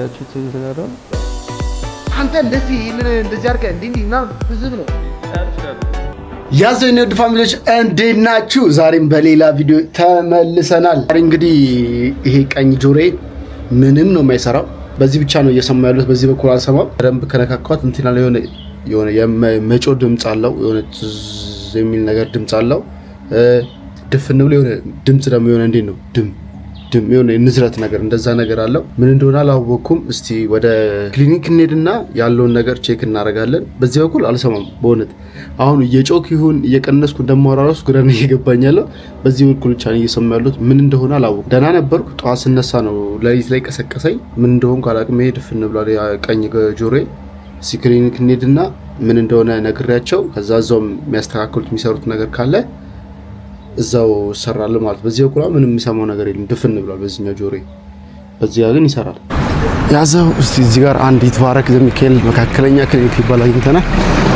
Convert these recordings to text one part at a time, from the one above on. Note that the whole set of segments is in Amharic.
ያቺት ተጋራ አንተ እንደዚህ እንደዚህ አድርገህ እንዲህ እንዲህ ምናምን ህዝብ ነው ፋሚሊዎች እንዴት ናችሁ? ዛሬም በሌላ ቪዲዮ ተመልሰናል። ዛሬ እንግዲህ ይሄ ቀኝ ጆሬ ምንም ነው የማይሰራው። በዚህ ብቻ ነው እየሰማ ያሉት። በዚህ በኩል አልሰማም። በደንብ ከነካኳት እንትና የሆነ የሆነ የመጮ ድምፅ አለው። የሆነ የሚል ነገር ድምፅ አለው። ድፍን ብሎ የሆነ ድምፅ ደግሞ የሆነ እንዴት ነው ድም ድም የሆነ ንዝረት ነገር እንደዛ ነገር አለው። ምን እንደሆነ አላወቅኩም። እስቲ ወደ ክሊኒክ እንሄድና ያለውን ነገር ቼክ እናደርጋለን። በዚህ በኩል አልሰማም። በእውነት አሁን እየጮክ ይሁን እየቀነስኩ እንደማወራ ራሱ ግረን እየገባኝ ያለው በዚህ በኩል ብቻ እየሰሙ ያሉት። ምን እንደሆነ አላወኩም። ደህና ነበርኩ። ጠዋት ስነሳ ነው ለሊት ላይ ቀሰቀሰኝ። ምን እንደሆንኩ አላቅም። ይሄ ድፍን ብሏል ቀኝ ጆሮዬ። እስቲ ክሊኒክ እንሄድና ምን እንደሆነ ነግሬያቸው ከዛ እዛውም የሚያስተካክሉት የሚሰሩት ነገር ካለ እዛው ይሰራል ማለት። በዚህ በኩል ምንም የሚሰማው ነገር የለም፣ ድፍን ብሏል በዚህኛው ጆሮ፣ በዚያ ግን ይሰራል። ያዘው እስቲ እዚህ ጋር አንድ ይትባረክ ዘሚካኤል መካከለኛ ክሊኒክ ይባላል አግኝተናል።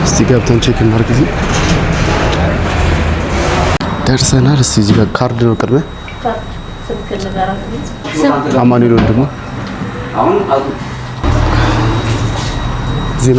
እስቲ ገብተን ቼክ እናድርግ። እዚህ ደርሰናል። እስቲ እዚህ ጋር ካርድ ነው ቅድመ አማኑኤል ወንድሞ ዜና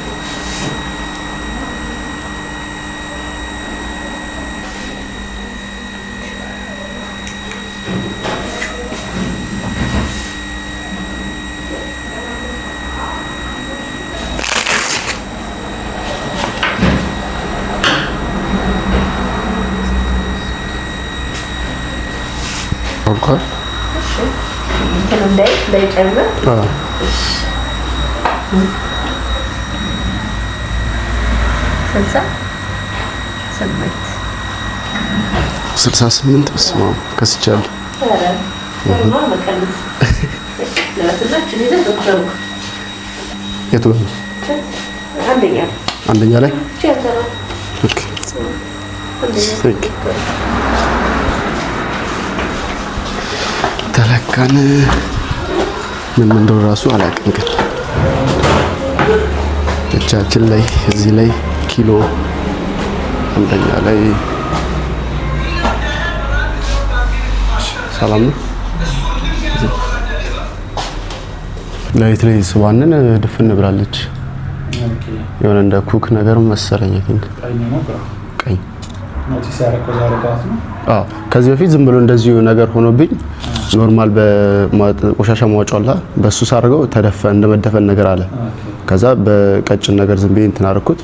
እንዳይጨምር ስልሳ ስምንት ስማ ከስቻለሁ። የቱ አንደኛ ላይ ተለካን። ምን እንደሆነ ራሱ አላውቅም። ግን እጃችን ላይ እዚህ ላይ ኪሎ አንደኛ ላይ ሰላም ነው። ላይት ላይ ስባንን ድፍን ብላለች። የሆነ እንደ ኩክ ነገር መሰለኝ። አይ ቲንክ ቀይ ከዚህ በፊት ዝም ብሎ እንደዚሁ ነገር ሆኖብኝ ኖርማል በቆሻሻ ማውጫላ በሱ ሳርገው ተደፈ እንደመደፈን ነገር አለ። ከዛ በቀጭን ነገር ዝም ብዬ እንትን አደረኩት።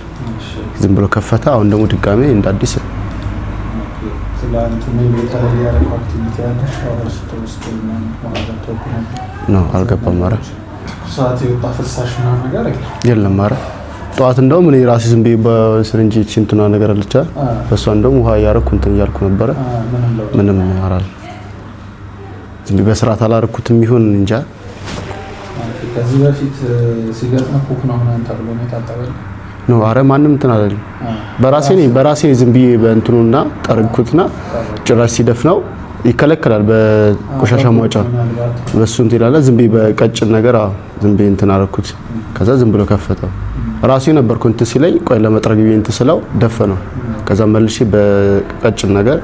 ዝም ብሎ ከፈተ። አሁን ደግሞ ድጋሜ እንደ አዲስ ነው አልገባም። ኧረ የለም ኧረ ጠዋት እንደውም እኔ ራሴ ዝም ብዬ በስርንጅ ቺንትና ነገር አለቻ በእሷ እንደውም ውሃ እያረኩ እንትን እያልኩ ነበረ ምንም ያራል በስርዓት አላረኩትም የሚሆን እንጃ። ከዚህ በፊት ሲገጥም ኩክ ነው ምናምን ተብሎ ነው የታጠበልህ? ነው አረ ማንም እንትን አላለም። በራሴ ነኝ በራሴ ዝም ብዬ በእንትኑና ጠርኩትና ጭራሽ ሲደፍነው ይከለከላል። በቆሻሻ ማውጫ በሱ እንትን ይላል። ዝም ብዬ በቀጭን ነገር ዝም ብዬ እንትን አረኩት። ከዛ ዝም ብሎ ከፈተው። ራሴ ነበርኩ እንትን ሲለኝ ቆይ ለመጥረግ ብዬ እንትን ስለው ደፈነው። ከዛ መልሼ በቀጭን ነገር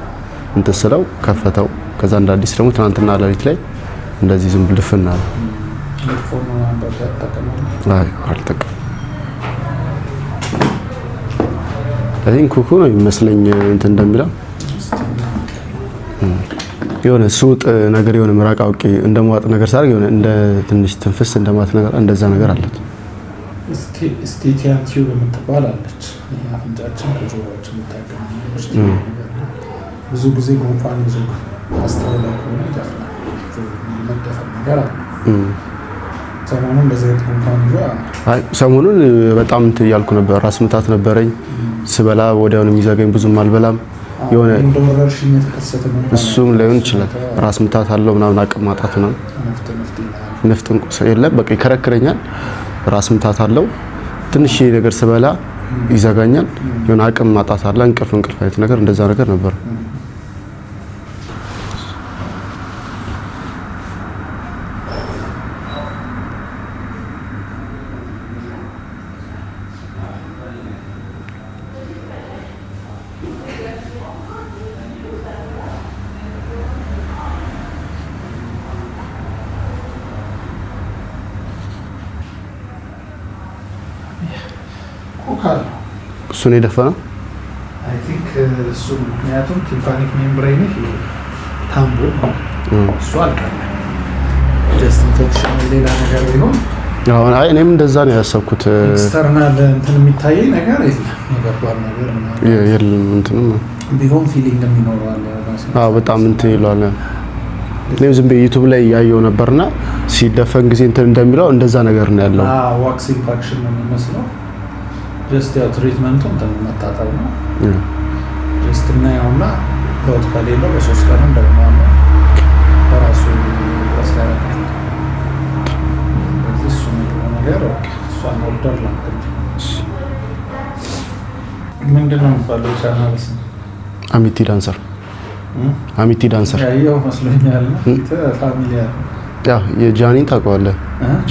እንትን ስለው ከፈተው። ከዛ እንደ አዲስ ደግሞ ትናንትና ለሊት ላይ እንደዚህ ዝም ብልፍ እናለ አልጠቀም አይ ኩኩ ነው ይመስለኝ እንትን እንደሚለው የሆነ ሱጥ ነገር የሆነ ምራቅ አውቄ እንደማዋጥ ነገር ሳደርግ የሆነ እንደ ትንሽ ትንፍስ እንደማት ነገር እንደዛ ነገር አለት። ስቴቲያን ቲዩብ የምትባል አለች። አፍንጫችን ከጆሮችን ብዙ ጊዜ ጉንፋን ይዞ አስተውላ ከሆነ ይደፍናል። መደፈን ነገር አለ። ሰሞኑን በጣም እንትን እያልኩ ነበር። ራስ ምታት ነበረኝ። ስበላ ወዲያውኑ የሚዘገኝ ብዙም አልበላም። የሆነ እሱም ላይሆን ይችላል። ራስ ምታት አለው ምናምን አቅም ማጣት ነፍጥን ቁስ የለም በቃ ይከረክረኛል። ራስ ምታት አለው። ትንሽ ነገር ስበላ ይዘጋኛል። የሆነ አቅም ማጣት አለ። እንቅልፍ እንቅልፍ አይነት ነገር እንደዛ ነገር ነበር። እሱን የደፈነው አይ ቲንክ እሱ ምክንያቱም ቲምፓኒክ ሜምብሬን ታምቦ እሱ አልቀረ ጀስት ኢንፌክሽን ሌላ ነገር ቢሆን አሁን አይ እኔም እንደዛ ነው ያሰብኩት። ኤክስተርናል እንትን ነገር የለም የገባል ነገር የለም እንትንም ቢሆን ፊሊንግ የሚኖረዋል። አዎ በጣም እንትን ይለዋል። እኔም ዝም ብዬ ዩቱብ ላይ ያየው ነበርና ሲደፈን ጊዜ እንትን እንደሚለው እንደዛ ነገር ነው ያለው። ዋክስ ኢንፋክሽን ነው የሚመስለው ጀስት ያው ትሪትመንቱ እንትን መታጠብ ነው። ጀስት እና ያውና ለውጥ ከሌለው በሶስት ቀን ደግሞ በራሱ ምንድን ነው የሚባለው? አሚቲ ዳንሰር አሚቲ ዳንሰር መስሎኛል። ፋሚሊ ታውቀዋለህ?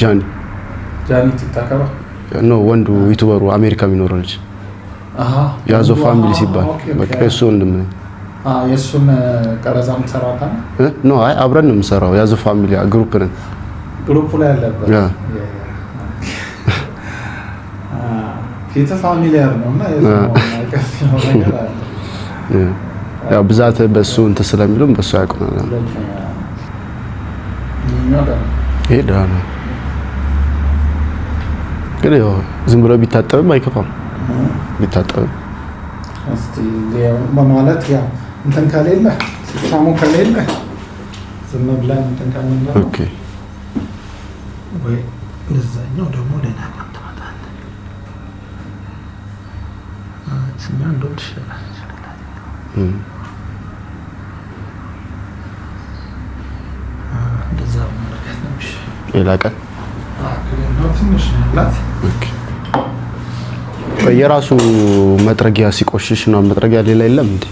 ጃኒ ጃኒ ትታከባ ነው ወንዱ ዩቱበሩ አሜሪካ የሚኖረው ልጅ ያዞ ፋሚሊ ሲባል በቃ እሱ ወንድም ነኝ። የሱን ቀረጻ ምትሰራታ ነው? አይ አብረን ነው የምሰራው። ያዞ ፋሚሊ ግሩፕ ነን። ግሩፕ ላይ ያለበት ፊት ፋሚሊያር ነው እና ያው ብዛት በሱ እንትን ስለሚሉም በሱ ያውቁናል። ይሄ ደህና ነው ግን ያው ዝም ብሎ ቢታጠብም አይከፋም። ቢታጠብም እስቲ በማለት ያው እንትን ከሌለ ሲታሙ ከሌለ ዝም ብለን እንትን ከሌለ ኦኬ ወይ እዛኛው ደግሞ ሌላ እ ትመጣለህ። እኛ እንደውም ትሻላለህ ሌላ ቀን የራሱ መጥረጊያ ሲቆሽሽ ነው። መጥረጊያ ሌላ የለም እንዴ?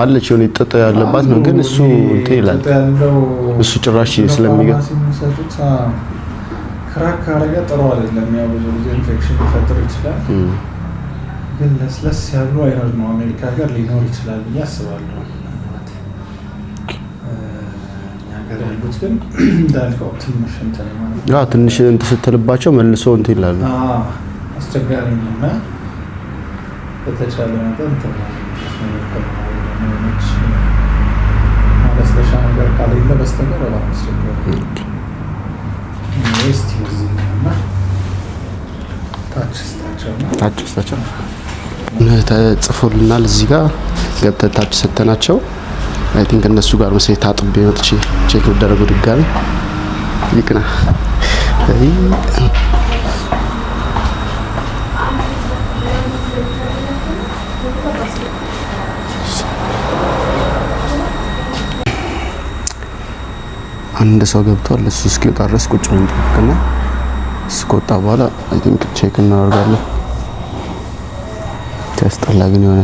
አለች የሆነ ጥጥ ያለባት ነው፣ ግን እሱ እንትን ይላል። እሱ ጭራሽ ስለሚገባ ክራክ ካረገ ጥሩ አይደለም። ያው ብዙ ጊዜ ኢንፌክሽን ሊፈጥር ይችላል። ግን ለስለስ ያሉ አይነት ነው አሜሪካ ሀገር ሊኖር ይችላል ብዬ አስባለሁ። ሀገር ግን እንዳልከው ትንሽ እንትን ማለት ትንሽ እንትን ስትልባቸው መልሶ እንትን ይላሉ። አስቸጋሪ ነው እና በተቻለ መጠን ማለስለሻ ነገር በስተቀር በጣም አስቸጋሪ ስቲ ዚህ ታች ስታቸው ታች ስታቸው ተጽፎልናል እዚህ ጋር ገብተን ታች ሰተናቸው አይ ቲንክ እነሱ ጋር መሰለኝ ታጥቤ መጥቼ ቼክ ብደረገው ድጋሚ ይቅና አንድ ሰው ገብቷል። እሱ እስኪወጣ ድረስ ቁጭ ብለን እንጠብቅና እሱ ከወጣ በኋላ አይ ቲንክ ቼክ እናደርጋለን። ሲያስጠላ ግን የሆነ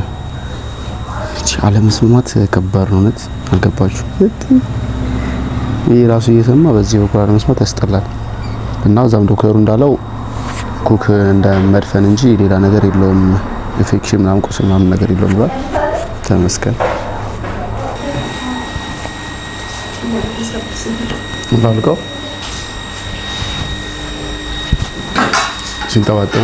አለመስማማት ከባድ ነው። እውነት አልገባችሁ? ይህ ራሱ እየሰማ በዚህ በኩል አለመስማት ያስጠላል። እና እዛም ዶክተሩ እንዳለው ኩክ እንደ መድፈን እንጂ ሌላ ነገር የለውም፣ ኢንፌክሽን ምናምን ቁስል ምናምን ነገር የለውም ብሏል። ተመስገን ባልቀው ሲንጠባጠቡ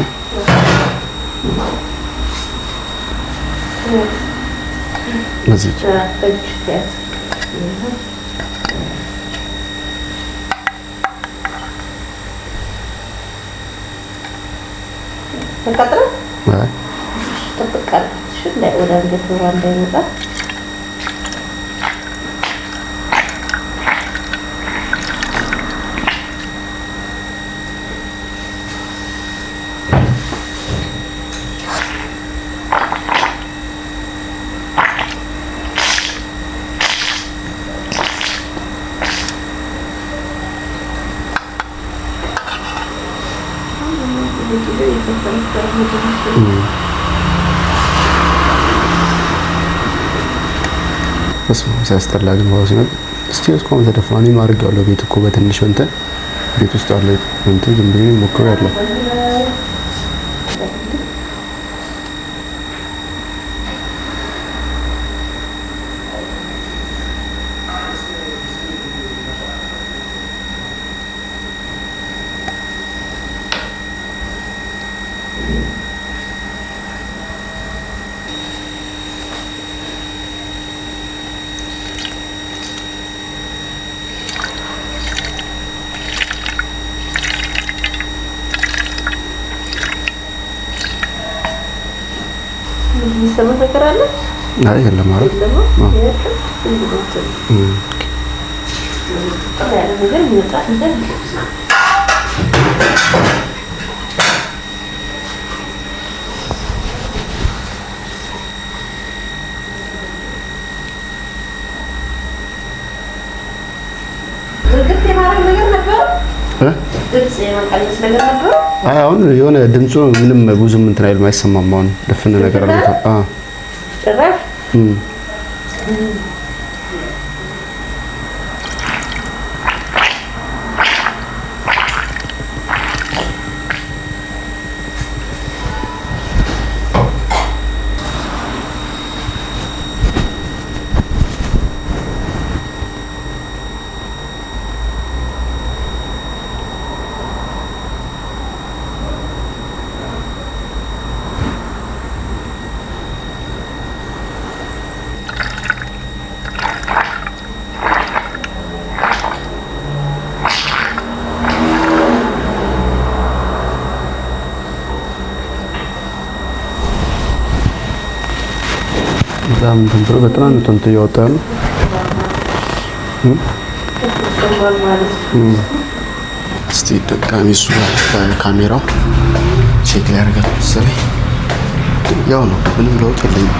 Nazwijcie. Mhm. Tak, to jest Berkat terus? Nah. Kita berkat. Sudah orang berkurang dari ሲያስጠላ ግን ባው ሲመጣ እስቲ እስካሁን ተደፋ እኔም አድርጌዋለሁ። ቤት እኮ በትንሽ እንትን ቤት ውስጥ ያለ እንትን ዝም ብዬ ሞክሬ ያለው የሚሰማት ነገር አለ? አይ የለም። አረ የለም አሁን የሆነ ድምፁ ምንም ብዙም እንትን አይልም፣ አይሰማም። አሁን ደፍን ነገር አለ በጣም እንትን ብሎ በጣም እንትን እያወጣ ነው። እስቲ ደጋሚ እሱ ካሜራው ቼክ ሊያደርጋት መሰለኝ። ያው ነው ምንም ለውጥ የለኝም።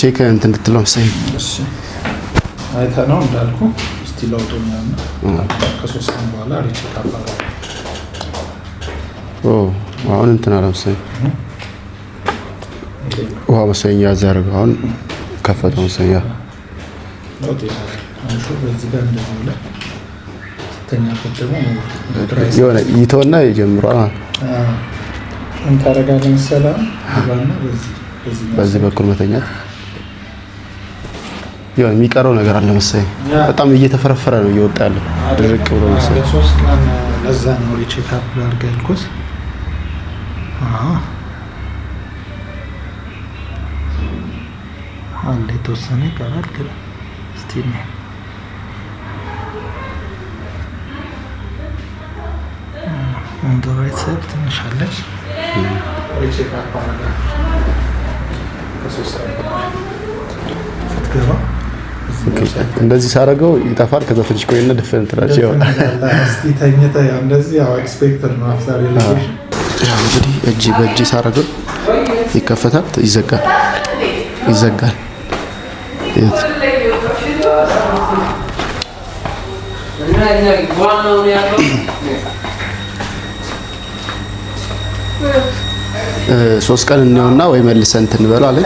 ቼክ እንትን እንድትለው መሰለኝ አይተህ ነው እስቲ ለውጡ ምናምን ከሶስት ቀን በኋላ ሪቼክ አባላል አሁን እንትን አለ ውሃ መሰለኝ ያዝ አደረገው። አሁን ከፈተው መሰለኝ ያ የሆነ ይተውና ይጀምረዋል። በዚህ በኩል መተኛት የሆነ የሚቀረው ነገር አለ መሰለኝ። በጣም እየተፈረፈረ ነው እየወጣ ያለው ድርቅ ብሎ መሰለኝ አለ የተወሰነ ይቀራል ግን እስቲ ኦንዶራይት ሰብ ትንሽ አለች እንደዚህ ሳረገው ይጠፋል። ከዛ ትንሽ ቆይና ደፈን ትላለች። ያው እስቲ ተኝተህ እንደዚህ ያው ኤክስፔክተር ነው አፍታር እጅ በእጅ ሳረገው ይከፈታል፣ ይዘጋል፣ ይዘጋል። ሶስት ቀን እንየውና ወይ መልሰን እንትን በለው አለ።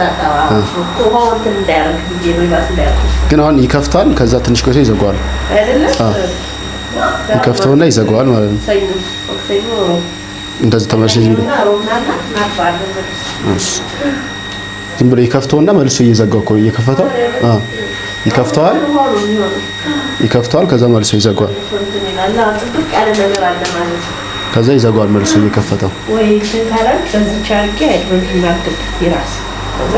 ግን አሁን ይከፍታል፣ ከዛ ትንሽ ቆይቶ ይዘጋዋል። ይከፍተውና ይዘጋዋል ማለት ነው። እንደዚህ ተመልሼ ዝም ብሎ ዝም ብሎ ይከፍተውና መልሶ እየዘጋው እኮ እየከፈተው ይከፍተዋል ይከፍተዋል። ከዛ መልሶ ይዘጓል። ከዛ ይዘጓል መልሶ እየከፈተው ወይ ይራስ ከዛ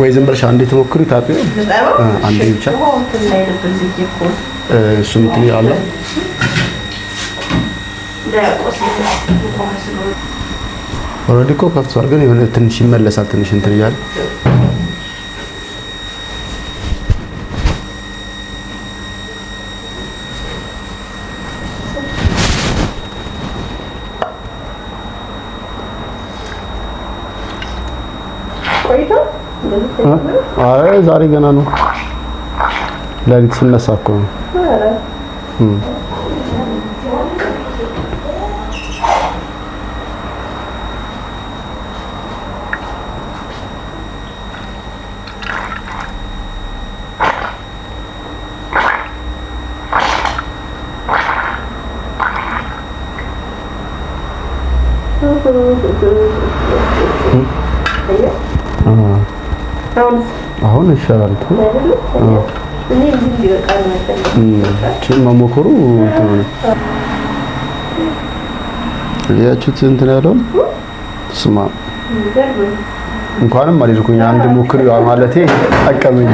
ወይ ዝም ብለሽ አንዴ ትሞክሪ ታጥቢ አንዴ ብቻ እሱም እንትን አለ ኦልሬዲ እኮ ከፍቷል፣ ግን የሆነ ትንሽ ይመለሳል ትንሽ እንትን እያለ አይ ዛሬ ገና ነው። ለሊት ስነሳ እኮ ነው። ይሻላል። መሞከሩ ያችሁት እንትን ያለውን ስማ፣ እንኳንም አልሄድኩኝ። አንድ ሞክር ማለቴ አቀመኝ።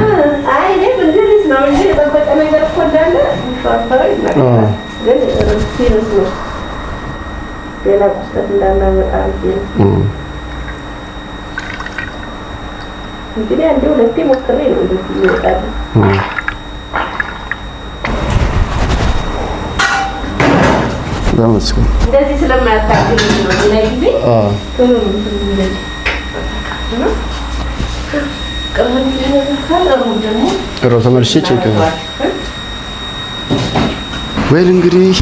ሌላ ቁስጠት እንዳናመጣ Hmm. Ah. Hmm, እንግዲህ አንዴ ሁለቴ ሞክሬ ነው እንደዚህ ይወጣል። እንደዚህ ስለማያታክል ነው ሌላ ጊዜ ቶሎ ነው ቅርብ ተመልሼ ወይል እንግዲህ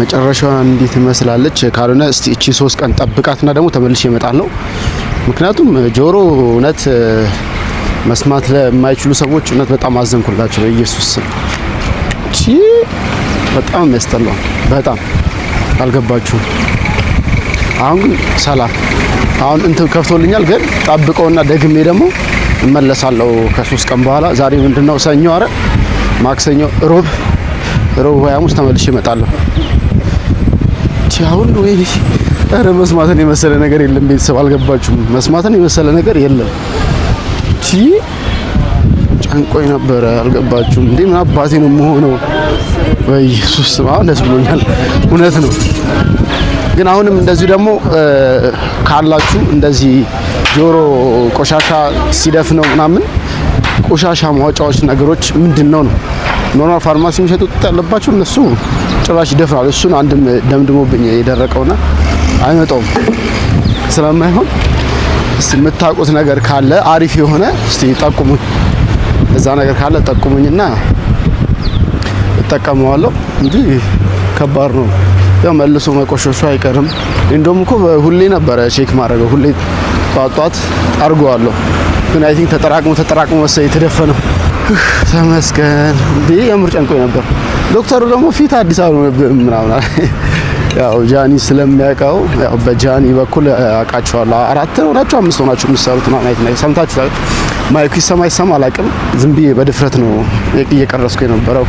መጨረሻዋ እንዴት ትመስላለች? ካልሆነ እስቲ እቺ ሶስት ቀን ጠብቃትና ደግሞ ተመልሼ እመጣለሁ። ምክንያቱም ጆሮ እውነት መስማት ለማይችሉ ሰዎች እውነት በጣም አዘንኩላቸው በኢየሱስ ስም። በጣም የሚያስጠላው በጣም አልገባችሁም። አሁን ግን ሰላም አሁን እንትን ከፍቶልኛል፣ ግን ጣብቀውና ደግሜ ደግሞ እመለሳለሁ ከሶስት ቀን በኋላ። ዛሬ ምንድነው ሰኞ፣ አረ ማክሰኞ፣ ሮብ፣ ሮብ ወይ ሐሙስ ተመልሼ እመጣለሁ። ቲ አሁን ወይ ኧረ መስማትን የመሰለ ነገር የለም። ቤተሰብ አልገባችሁም? መስማትን የመሰለ ነገር የለም። እቺ ጨንቆኝ ነበረ። አልገባችሁም እንዴ? ምን አባቴ ነው የምሆነው? በኢየሱስ ስማ ደስ ብሎኛል። እውነት ነው። ግን አሁንም እንደዚህ ደግሞ ካላችሁ እንደዚህ ጆሮ ቆሻሻ ሲደፍ ነው ምናምን ቆሻሻ ማውጫዎች ነገሮች ምንድን ነው ነው ኖርማል ፋርማሲ የሚሸጡት ያለባቸው እነሱ ጭራሽ ይደፍናል። እሱን አንድም ደምድሞብኝ የደረቀውና አይመጣውም ስለማይሆን እስቲ የምታውቁት ነገር ካለ አሪፍ የሆነ እስቲ ጠቁሙኝ። እዛ ነገር ካለ ጠቁሙኝና እጠቀመዋለሁ እንጂ ከባድ ነው። ያው መልሶ መቆሸሹ አይቀርም። እንደውም እኮ ሁሌ ነበረ ቼክ ማድረገው ሁሌ ጧት ጧት ግን አይ ቲንክ ተጠራቅሞ ተጠራቅሞ መሰለኝ የተደፈነው። ተመስገን። የምር ጨንቆኝ ነበር። ዶክተሩ ደግሞ ፊት አዲስ አበባ ምናምን ያው ጃኒ ስለሚያውቀው ያው በጃኒ በኩል አውቃቸዋለሁ። አራት ሆናችሁ አምስት ሆናችሁ የምትሰሩት ነው ነው ሰምታችሁ ማይኩ ይሰማ ይሰማ አላውቅም። ዝም ብዬ በድፍረት ነው እየቀረስኩ የነበረው።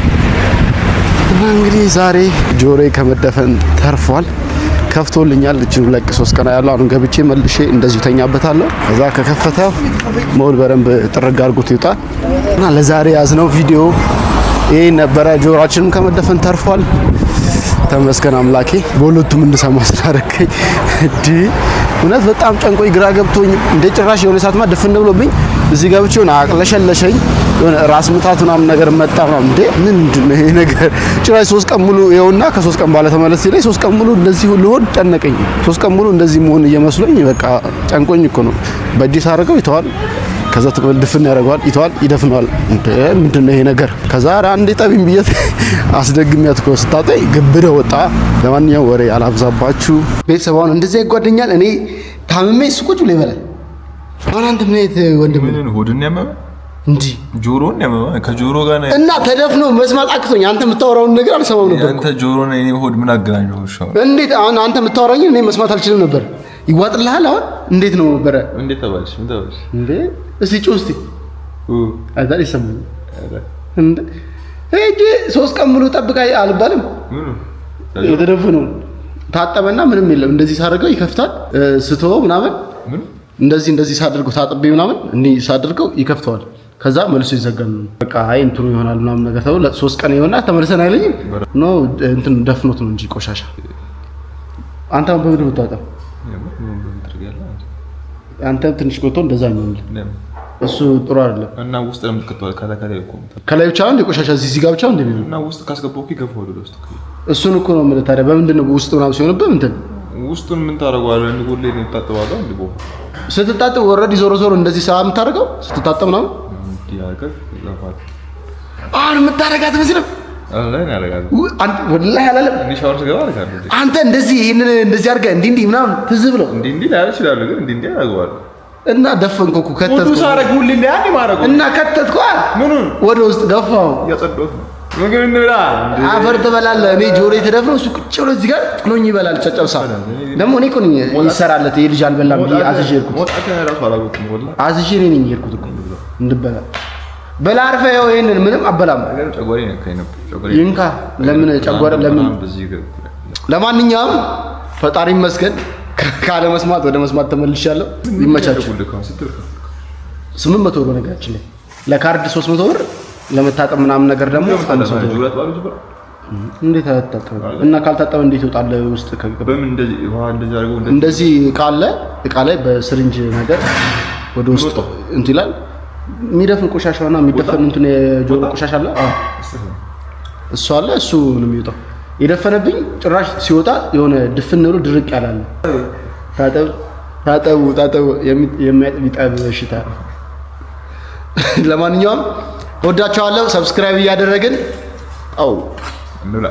እንግዲህ ዛሬ ጆሮዬ ከመደፈን ተርፏል። ከፍቶልኛል። እጅ ለቅ ሶስት ቀን ያለው አሁን ገብቼ መልሼ እንደዚሁ ተኛበታለሁ። እዛ ከከፈተ መውል በደንብ ጥርግ አድርጎት ይወጣል እና ለዛሬ ያዝነው ቪዲዮ ይህ ነበረ። ጆሮአችንም ከመደፈን ተርፏል። ተመስገን አምላኬ በሁለቱም እንድሰማ ስላደረገኝ። እዲ እውነት በጣም ጨንቆኝ ግራ ገብቶኝ እንደ ጭራሽ የሆነ ሰዓትማ ድፍን ብሎብኝ እዚህ ገብቼ ሆነ አቅለሸለሸኝ። የሆነ ራስ ምታት ምናምን ነገር መጣ ምናምን። እንዴ ምንድን ነው ይሄ ነገር? ጭራሽ ሶስት ቀን ሙሉ ይኸውና፣ ከሶስት ቀን በኋላ ተመለስ ሲለኝ ሶስት ቀን ሙሉ እንደዚህ ልሆን ጨነቀኝ። ሶስት ቀን ሙሉ እንደዚህ መሆን እየመስሎኝ በቃ ጨንቆኝ እኮ ነው። በእጅ ሳደርገው ይተዋል ከዛ ትቅበል ድፍን ያደርገዋል፣ ይተዋል፣ ይደፍነዋል። ምንድን ነው ይሄ ነገር? ከዛ አንዴ ጠቢም ብየት አስደግሚያት እኮ ስታጠይ ግብደ ወጣ። ለማንኛውም ወሬ አላብዛባችሁ። ቤተሰባውን እንደዚህ ይጓደኛል። እኔ ታምሜ ስቁጭ ብሎ ይበላል። አሁን አንድ ምን አይነት ወንድም ሆድን ያመመ እንጂ ጆሮን ያመመ ከጆሮ ጋር ነው እና ተደፍኖ መስማት አቅቶኝ አንተ የምታወራውን ነገር አልሰማም ነበር። አንተ ጆሮ ነው እኔ ሆድ ምን አገናኘው? እንዴት አሁን አንተ የምታወራኝ እኔ መስማት አልችልም ነበር። ይዋጥልሃል። አሁን እንዴት ነው ነበረ? እንዴት ተባልሽ? ምን ተባልሽ? እንዴ እስቲ ጩ እስቲ አይታል ይሰማኝ እንዴ እጂ ሶስት ቀን ሙሉ ጠብቃይ አልባልም የተደፉ ነው ታጠበና ምንም የለም እንደዚህ ሳደርገው ይከፍታል ስቶ ምናምን እንደዚህ እንደዚህ ሳደርገው ታጥቤ ምናምን እንዲህ ሳደርገው ይከፍተዋል ከዛ መልሶ ይዘጋል በቃ አይ እንትኑ ይሆናል ምናምን ነገር ተብሎ ለሶስት ቀን ይሆናል። ተመልሰን አይለኝም ኖ እንትን ደፍኖት ነው እንጂ ቆሻሻ አንተ በምድር ብታወጣ አንተ ትንሽ ቆይቶ እንደዛ ነው እሱ ጥሩ አይደለም እና ውስጥ ለምን ትከተዋል? ከላይ ብቻ ነው ቆሻሻ እዚህ ጋር ብቻ ነው እና ውስጥ ካስገባው እኮ ይገፋዋል ወደ ውስጥ። እሱን እኮ ነው የምልህ። ታዲያ በምንድን ነው ውስጥ ምናምን ሲሆንበት እንትን ውስጡን ምን ታደርገዋለህ? እንደ ጎሌ ነው የምታጠባው። እንደ ቦታ ስትታጠብ ወረድ ዞሮ ዞሮ እንደዚህ ሰዓት የምታደርገው ስትታጠብ ምናምን አሁን የምታደርጋት መስለም አንተ እንደዚህ ይሄንን እንደዚህ አድርገህ እንዲህ እንዲህ ምናምን ትዝ ብለው እንዲህ እንዲህ ላያደርግ ይችላል፣ ግን እንዲህ እንዲህ አደርገዋለሁ እና ደፈንኩ እኮ ከተትኩ እና ከተትኩ ወደ ውስጥ ገፋው። አፈር ትበላለህ። እኔ ጆሮ የተደፍነው እሱ ቁጭ ብሎ እዚህ ጋር ጥሎኝ ይበላል። ጨጨብሳ ደግሞ እኔ እኮ ነኝ ይሰራለት ይሄ ልጅ አልበላም ብዬ አዝዤ ሄድኩት። አዝዤ እኔ ነኝ ሄድኩት እኮ እንድበላ በላ አርፈህ። ይኸው ይሄንን ምንም አበላም። ይንካ ለምን ጨጓራ ለምን ለማንኛውም ፈጣሪ ይመስገን። ካለ መስማት ወደ መስማት ተመልሻለሁ። ይመቻችሁ። ስምንት መቶ ብር ነገራችን ላይ ለካርድ ሶስት መቶ ብር ለመታጠብ ምናምን ነገር ደግሞ እንዴት አታጠብ እና ካልታጠበ እንዴት ይወጣል? ውስጥ እንደዚህ ካለ እቃ ላይ በስሪንጅ ነገር ወደ ውስጥ እንትን ይላል። የሚደፍን ቆሻሻና የሚደፈን እንትን የጆሮ ቆሻሻ አለ፣ እሱ አለ። እሱ ነው የሚወጣው የደፈነብኝ ጭራሽ ሲወጣ የሆነ ድፍን ብሎ ድርቅ ያላለ ታጠቡ ታጠቡ የሚያጥብ ይጠብ በሽታ። ለማንኛውም ወዳችኋለሁ። ሰብስክራይብ እያደረግን አው እንብላ